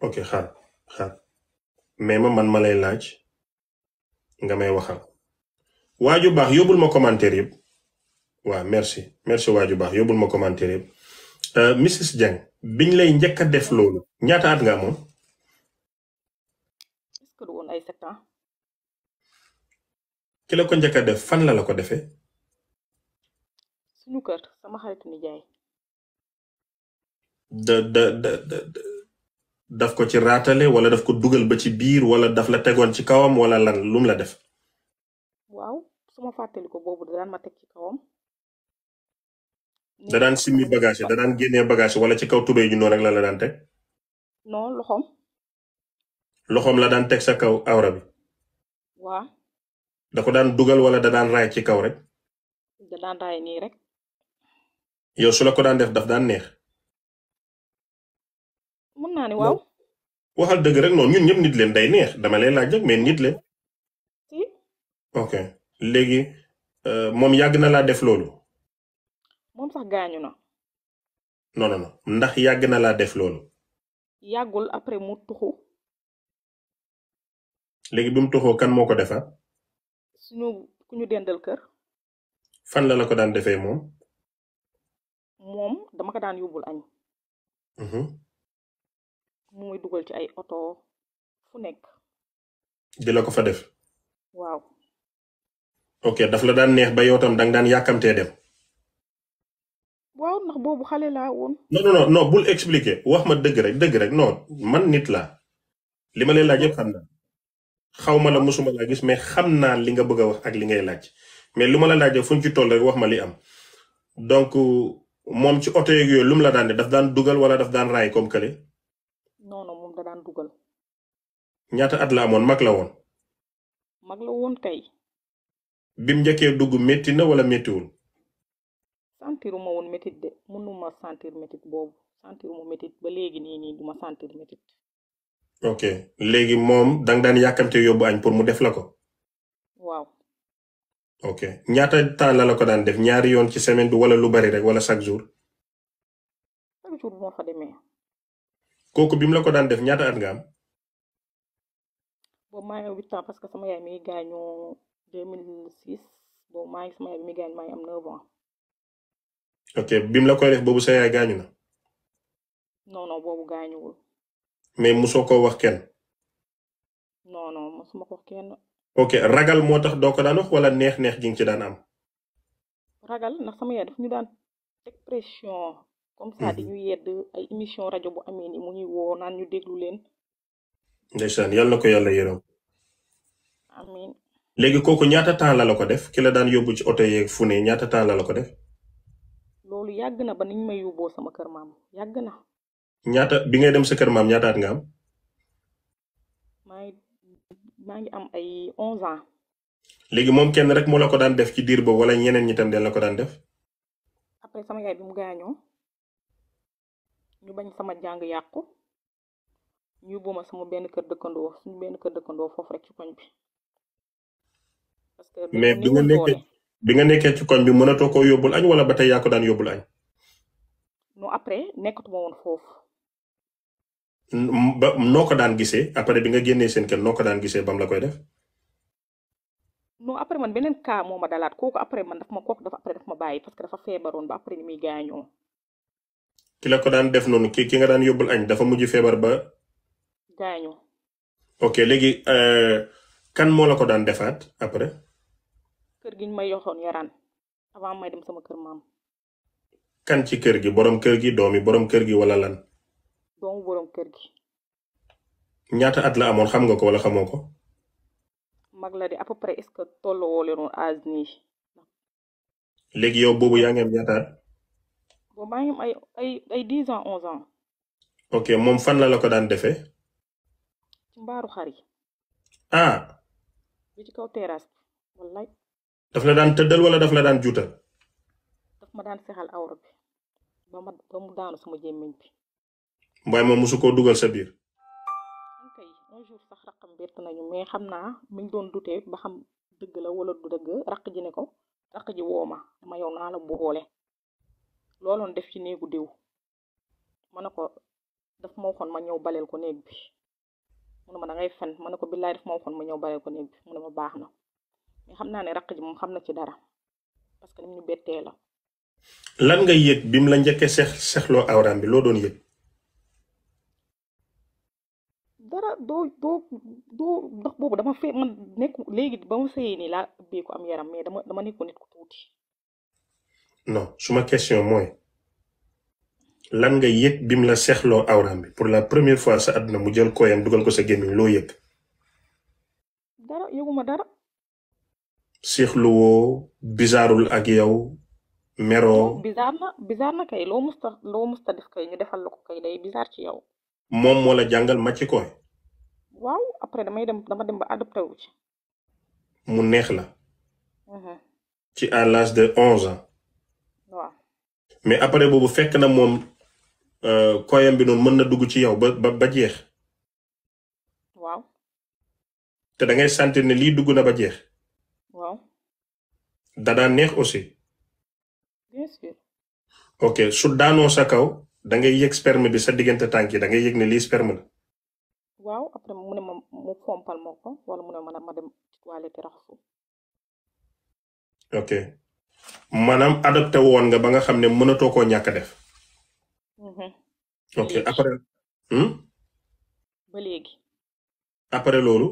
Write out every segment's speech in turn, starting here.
ok xaar xaar mais ma man ma lay laaj nga may waxal waaju baax yobul ma commentaire yëpp waaw merci merci waaju baax yobul ma commentaire yëpp euh, Mrs Dieng biñ lay njëkk a def loolu ñaata at nga amoon. est ko njëkk def fan la ko defe suñu kër sama xaritu nijaay. da da da da. daf ko ci raatale wala daf ko dugal ba ci biir wala daf la tegoon ci kawam wala lan lum la def. waaw su ma fàttali ko boobu da daan ma teg ci kawam. da daan bagage da daan bagage wala ci kaw tubéy ju noonu rek la la daan teg. non loxoom. la daan teg sa kaw awra bi. waaw. da ko daan dugal wala da daan raay ci kaw rek. da daan raay nii rek. yow su ko daan def daf daan neex. mën naa ne waaw. waxal dëgg rek noonu ñun ñëpp nit leen day neex dama lay laaj rek mais nit leen. ok léegi euh, moom yàgg na laa def loolu. moom sax gaañu na. non ndax yàgg na laa def loolu. yàggul après mu tuxu. léegi bi mu kan moo ko defar. suñu ku ñu dendal kër. fan la la ko daan defee moom. moom dama ko daan yóbbul añ. Mhm. mu may dugal ci ay oto fu nekk. di la ko fa def. waaw. ok daf la daan neex ba yow tam daan yàkkamtee dem. waaw ndax boobu xale laa woon. non non non bul expliquer wax ma dëgg rek dëgg rek non man nit laa li ma leen laaj yëpp xam naa xaw ma la mosuma laa gis mais xam naa li nga bëgg a wax ak li ngay laaj mais lu ma la laajee fu ci toll rek wax ma li am donc moom ci oto yooyu lu mu la daan ne daf daan dugal wala daf daan raay comme kële. non moom da daan dugal. ñaata at la amoon mag la woon. mag la woon kay. bim njëkkee dugg métti na wala méttiwul. sentiruma woon métit de mënuma sentir métit boobu sentiruma métit ba léegi nii nii duma sentir métit. ok léegi moom danga daan yàkkamte yóbbu añ pour mu def la ko. waaw. ok ñaata temps la ko daan def ñaari yoon ci semaine bi wala lu bari rek wala chaque jour. chaque jour moo fa demee. kooku bi mu la ko daan def ñaata at nga am. boobu maa ngi huit parce que sama yaay mi gaañoo deux mille am neuf ans. ok bi mu la koy def boobu sa yaay gaañu na. non non gaañuwul. mais musoo ko wax kenn. non non musuma ko wax ok ragal moo tax doo ko daan wax wala neex-neex gi ci daan am. ragal ndax sama yaay daf ñu daan teg comme ça mhm. di ñu yedd ay émission rajo bu amee ni mu ñuy woo naan ñu déglu leen. ndeysaan ko yàlla yërëm. amiin. léegi kooku ñaata temps la ko def kila daan yóbbu ci oto yeeg fu ñaata temps la ko def. loolu yàgg na ba niñ may yóbboo sama kër maam yàgg na. ñaata bi ngay dem sa kër maam ñaata at nga am. maa maa ngi am ay onze ans. léegi moom kenn rek moo la ko daan def ci diir boobu wala ñeneen ñi tam den la ko daan def. après sama yaay bi mu ñu bañ sama jàng yàqu ñu yóbbuma sama benn kër dëkkandoo suñu benn kër dëkkandoo foofu rek ci koñ bi. parce que mais bi nga nekkee bi nga nekkee ci koñ bi mënatoo koo yóbbul añ wala ba tey yaa ko daan yóbbul añ. non après nekkatuma woon foofu. ba noo daan gisee après bi nga génnee seen kër noo ko daan gisee bam la koy def. non après man beneen cas moo ma dalaat kooku après man daf ma kooku dafa après daf ma bàyyi parce ba après ni gaañoo. ki la ko daan def noonu ki ki nga daan yóbbul añ dafa mujj feebar ba. gaañu. ok léegi euh, kan moo la ko daan defaat après. kër gi ñu may yoxoon yaraan avant may dem sama kër maam. kan ci kër gi boroom kër gi doomi borom kër gi wala lan. doomu borom kër gi. ñaata at la amoon xam nga ko wala xamoo ko. mag la de à peu près est-ce que tolloo leen woon âge nii. léegi yow boobu yaa ngi am boobu maa ngi am ay ay ay dix ans onze ans. ok moom fan la la ko daan defee. ci mbaaru xar yi. ah. bi ci kaw daf la daan tëddal wala daf la daan juutal. daf ma daan sexal awra bi ba ma ba mu daanu sama jémmiñ bi. waaye moom mosu koo dugal sa biir. kay un jour sax raqam bett nañu mais xam naa mi ñu doon dutee ba xam dëgg la wala du dëgg raq ji ne ko raq ji ma dama yow la boole. looloon def ci néegu diw ma ne ko daf ma waxoon ma ñëw baleel ko néeg bi mu ne ma da ngay fen ma ne ko billaay daf ma waxoon ma ñëw baleel ko néeg bi mu ne ma baax na mais xam naa ne raq ji moom xam na ci dara parce que ni ñu bettee la lan nga yëg bi la njëkkee seex seexloo awraam loo doon yëg dara doo doo doo ndax boobu dama fee man nekku léegi ba ma sëyee nii laa ubbee am yaram mais dama dama nekkoon nit ku tuuti non suma question mooy lan nga yëg bim la seexloo awraam bi pour la première fois sa àdduna mu jël kooyam dugal ko sa gémmiñ loo yëg. dara yëguma dara. seexluwoo bizaarul ak yow. meroo bizaar na kay loo musta loo musta def kay ñu defal la ko kay day bizaar ci yow. moom moo la jàngal màcc kooy. waaw après damay dem dama dem ba adopté wu mu neex la. Mhm. ci à l'âge de onze ans. mais après boobu fekk na moom euh, koyam bi noonu mën na dugg ci yow ba ba jeex. waaw. te da ngay sentir ne lii dugg na ba jeex. waaw. da neex aussi. bien sûr. ok su daano sa kaw dangay ngay yëg sperme bi sa diggante tànk yi da ngay yëg ne lii sperme la. waaw après mu ne ma mu fompal ma ko wala mu ne ma dem ci toilette raxasu. ok. maanaam adopté woon nga ba nga xam ne mënatoo koo ñàkk def. Mhm. ok après. Hmm? ba léegi. après loolu.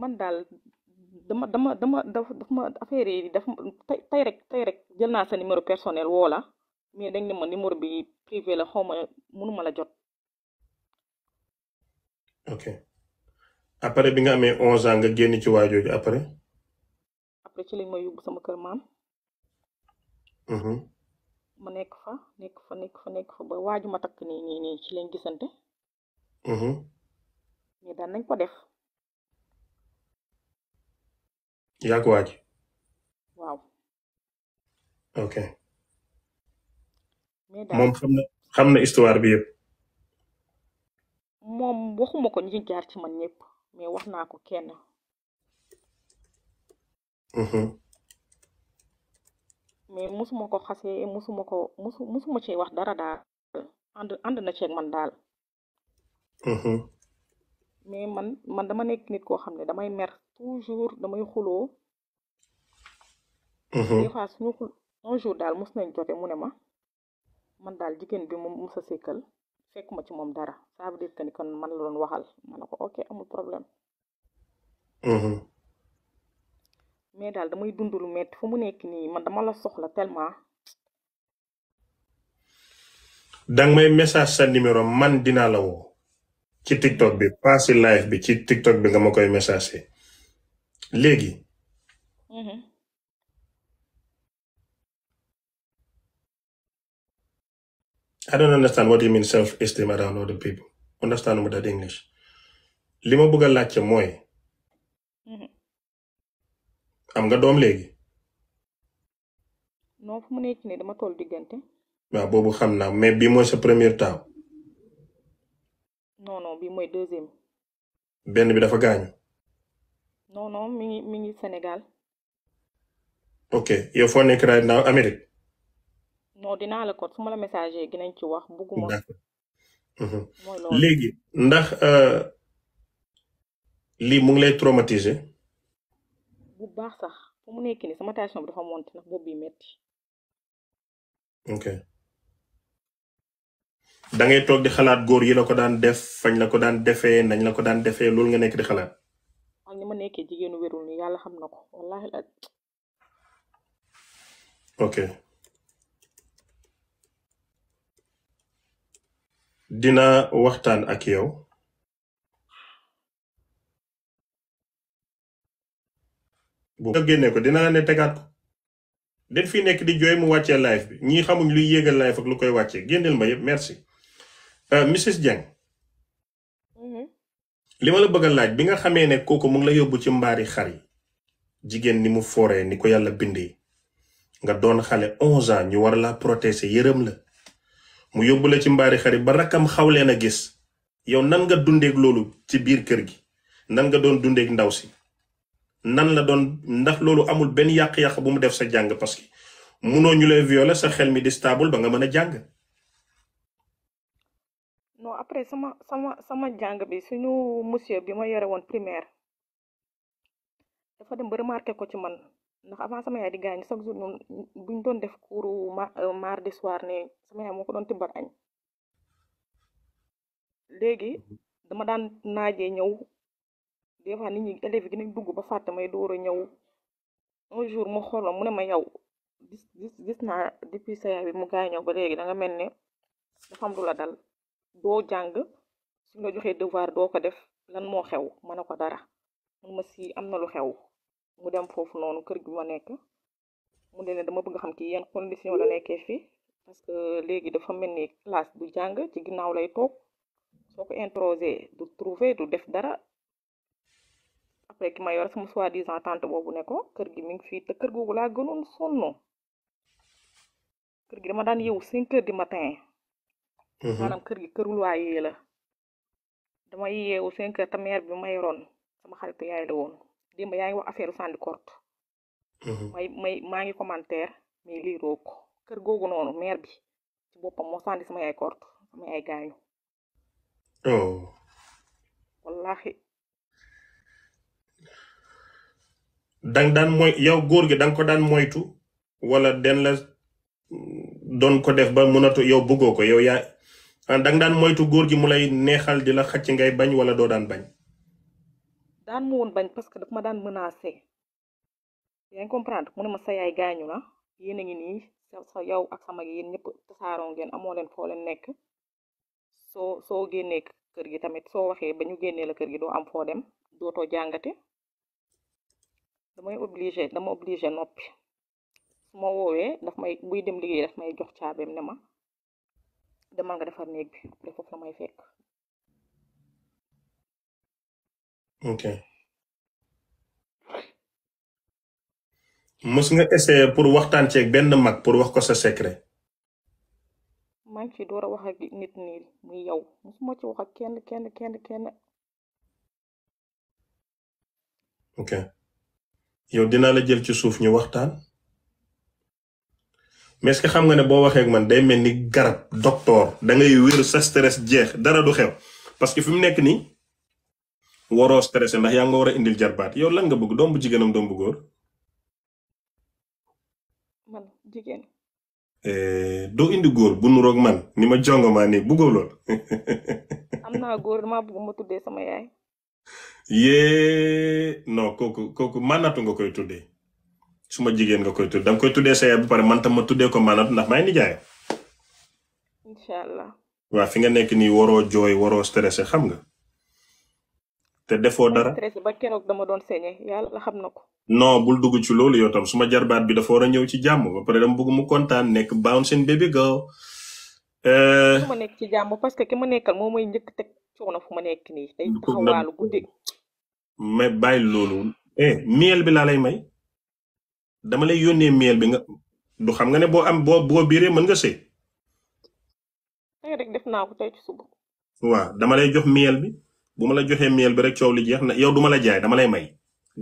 man daal dama dama dama daf ma affaire yi daf tey tey rek tey rek jël naa sa numéro personnel woola la mais dañ ne ma numéro bi privé la xaw ma mënuma la jot. ok. après bi nga amee onze ans nga génn ci waa jooju après. après ci lañ ma yóbbu sama kër maam. Mhm. ma nekk fa nekk fa nekk fa nekk ba waaju ma takk nii ci lañ gisante. Mhm. mais daan nañ ko def. yaa ko waaj. waaw. ok. moom xam na histoire bi yëpp. moom waxuma ko ñi jaar ci man ñëpp. mais wax naa ko kenn. Mm-hmm. mais musuma ko xasee musuma ko musu musuma cee wax dara daal ànd ànd na ceeg man daal. Mm-hmm. mais man man dama nekk nit koo xam ne damay mer toujours damay xuloo. Mm-hmm. des fois suñu xul un jour daal mus nañ jote mu ne ma man daal jigéen bi mu sekal fekkuma ci moom dara ça veut dire que ni kon man la doon waxal ma ne ko ok amul problème. Mm-hmm. mais daal damay dund lu fu mu nekk nii dama la soxla tellement. danga may message sa numéro man dinaa la woo. ci TikTok bi passé live bi ci TikTok bi nga ma koy message léegi. Mm-hmm. I don't understand what you mean self-esteem around other people. Understand with that English. li ma bëgg a laajte mooy. Mm-hmm. am nga doom léegi. non fu mu nekk nii dama toll diggante. waaw boobu xam naa mais bi mooy sa premier taaw. non non bii mooy deuxième. benn bi dafa gaañu. non non mi ngi Sénégal. ok yow foo nekk right now Amérique. non dinaa la ko su ma la message ginañ ci wax bugguma. Mhm. léegi ndax euh, lii mu ngi lay traumatiser. bu baax sax fu mu nekk nii sama tension bi dafa monte ndax bopp metti ok da ngay toog di xalaat góor yi la ko daan def fañ na ko daan defee nañ la ko daan defee loolu nga nekk di xalaat. ak ni ma nekkee jigéenu wérul nii yàlla xam na ko wallaahi ok. dina waxtaan ak yow. bu nga génne ko dinaa ne tegaat ko. den fi nekk di jooy mu wàccee live bi ñii xamuñ luy yéegal live ak lu koy wàccee génneel ma yëpp merci. Euh, Mrs Dieng. Mm-hmm. li ma la bëgg laaj bi nga xamee ne kooku mu ngi la yóbbu ci mbaari xar yi jigéen ni mu fooree ni ko yàlla bindee nga doon xale 11 ans ñu war laa protéger yërëm la. mu yóbbu la ci mbaari xarit ba rakkam xaw a gis yow nan nga dundeeg loolu ci biir kër gi nan nga doon dundeeg ndaw si nan la doon ndax loolu amul benn yàq-yàq bu mu def sa jàng parce que munoo ñu lay violer sa xel mi di stable ba nga mën a jàng. non après sama sama sama jàng bi suñu monsieur bi ma yore woon primaire dafa dem ba remarqué ko ci man ndax avant sama yaay di gaañ chaque jour ñoom buñ doon def kuuru euh, mardi soir ne sama yaay moo ko doon tibbal añ léegi dama daan naajee ñëw des fois nit ñi élèves gi nañ dugg ba fàtte may door a ñëw un jour mu xooloo mu ne ma yow gis gis gis naa depuis sa yaay bi mu gaañoo ba léegi da nga mel ne dafa am lu la dal doo jàng suñ la joxee devoir doo ko def lan moo xew mën a ko dara mun ma si am na lu xew mu dem foofu noonu kër gi ma nekk mu ne leen dama bëgg xam ci yan condition la nekkee fii parce que léegi dafa mel ni classe du jàng ci ginnaaw lay toog soo ko introsé du trouver du def dara après ki ma yor soit soi-disant tante boobu ne ko kër gi mi ngi fii te kër googu laa gënoon sonn kër gi dama daan yeewu cinq heures du matin mhm. maanaam kër gi këru loyer la dama yeewu cinq heures ta bi ma yoroon sama xaritu yaay la woon démb yaa ngi wax affaire Sandikort mhm. may may maa ngi commentaire mais lii roog kër googu noonu maire bi ci boppam moo sandi sama yaay kort sama yaay gaañu oh. wallaahi dang daan mooy yow góor gi danga ko daan moytu wala den la doon ko def ba mënatu yow bëggoo ko yow yaa ah, dang daan moytu góor gi mu lay neexal di la xacc ngay bañ wala doo daan bañ daan mu woon bañ parce que daf ma daan menacé yaa ngi mu ne ma sa yaay gaañu na yéen a ngi nii sa sa yow ak sama yéen ñëpp tasaaroo ngeen amoo leen foo len nekk soo soo génnee kër gi tamit soo waxee ba ñu génnee la kër gi doo am foo dem dootoo jàngate damay obligé dama obligé noppi su ma woowee daf may buy dem liggéey daf may jox caabeem ne ma demal nga defar néeg bi foofu la may fekk. OK. mës nga essayer pour waxtaan ceeg benn mag pour wax ko sa secret. maa ngi a wax ak nit nii muy yow mosuma ci kenn kenn kenn ok yow dinaa la jël ci suuf ñu waxtaan mais est xam nga ne boo waxee man day mel ni garab docteur da ngay wér sa stress jeex dara du xew parce que fi mu nekk nii. waroo stressé ndax yaa nga war a indil jarbaat yow lan nga bëgg doom bu jigéenam doom bu man jigéen. Eh, doo indi góor bu nuroog man ni ma jongomaa nii bëggoo lool. am naa góor damaa bëgg ma tuddee sama yaay. kooku kooku nga koy tuddee su ma nga koy tuddee danga koy tuddee sa yaay ba pare man tam ma tuddee ko maanaatu ndax maa ngi nijaay. incha allah. waa fi nga nekk nii waroo jooy waroo stressé xam nga. te defoo dara. ba dama doon sañee yàlla xam na ko. non bul dugg ci loolu yow suma jarbaat bi dafa war a ñëw ci jàmm ba pare dama mu kontaan nekk bouncing baby girl. su euh, nekk ci jàmm parce que ma nekkal moo may njëkk teg coono fu ma nekk nii. day taxawaalu guddi. mais bàyyi loolu. eh miel bi laa lay may dama lay yónnee miel bi nga du xam nga ne boo am boo boo biiree mën nga sëy. tey rek def naa ko tey ci suba. dama lay jox miel bi. bu ma la joxee miel bi rek coow li jeex na yow duma la jaay dama lay may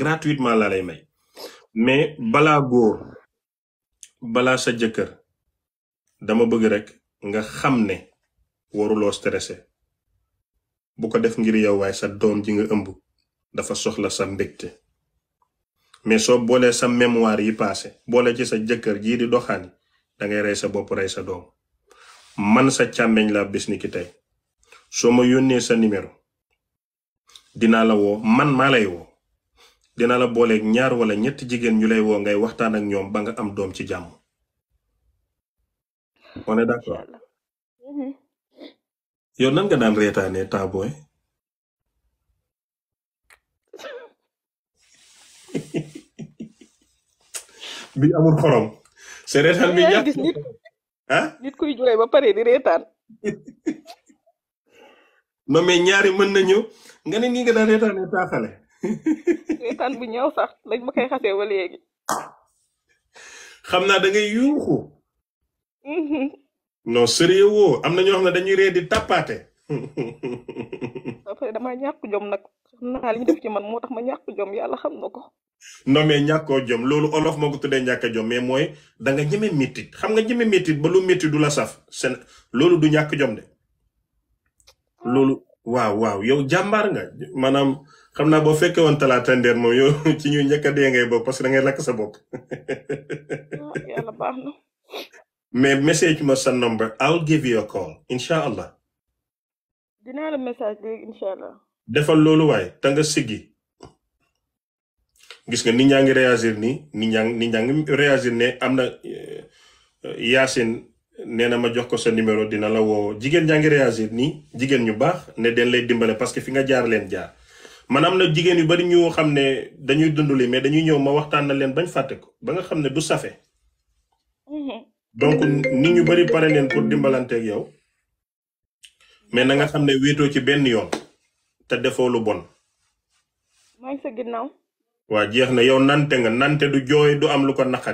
gratuitement laa lay may mais balaa góor balaa sa jëkkër dama bëgg rek nga xam ne waruloo stressé bu ko def ngir yow waaye sa doom ji nga ëmb dafa soxla sa mbégte mais soo boolee sa mémoire yi passé boole ci sa jëkkër jii di doxaani dangay rey sa bopp rey sa doom man sa càmmeñ laa bis ni tey soo ma yónnee sa numéro dinaa la woo man ma lay woo dina la booleeg ñaar wala ñetti jigéen ñu lay woo ngay waxtaan ak ñoom ba nga am doom ci jàmm. on est d'accord mm-hmm. yow nan nga daan reetaane taabooy. bi amul xorom. se reetaan bi ñàkk ah? nit kuy jooy ba pare di reetaan. non mais ñaari mën na ñëw nga ne nii nga daan reetaane taaxale bu ñëw sax lañ ma koy xasee ba léegi xam naa dangay ngay yuuxu mhm. non sérieux woo am na ñoo xam ne dañuy ree di tàppaate après dama ñàkk jom nag man moo tax ma ñàkk jom yàlla xam na ko non mais ñàkkoo jom loolu olof moo ko tuddee ñàkk jom mais mooy danga nga ñeme xam nga ñeme métit ba lu métit du la saf seen loolu du ñàkk jom de loolu waaw waaw yow jàmbaar nga maanaam xam naa boo fekkee woon talaata ndeer moom yow ci ñu njëkk a dee ngay bopp parce que da ngay lakk sa bopp. Ah, yàlla baax mais message ma sa number I'll give you a call incha allah. dinaa la message léegi incha allah. defal loolu waaye te nga siggi gis nga nit ñaa ngi réagir ni nit ñaa ngi nit réagir ne am na eh, Yacine. nee na ma jox ko sa numéro dina la woowoo jigéen jaa ngi nii jigéen ñu baax ne den lay dimbale parce que fi nga jaar leen jaar man am na jigéen yu bari ñu xam ne dañuy dund li mais dañuy ñëw ma waxtaan na leen bañ fàtte ko ba nga xam ne du safe mhm. donc nit ñu bari pare leen pour dimbalanteeg yow mais na nga xam ne wiitoo ci benn yoon te defoo lu bon jeex na yow nante nga nante du jooy du am lu ko naqari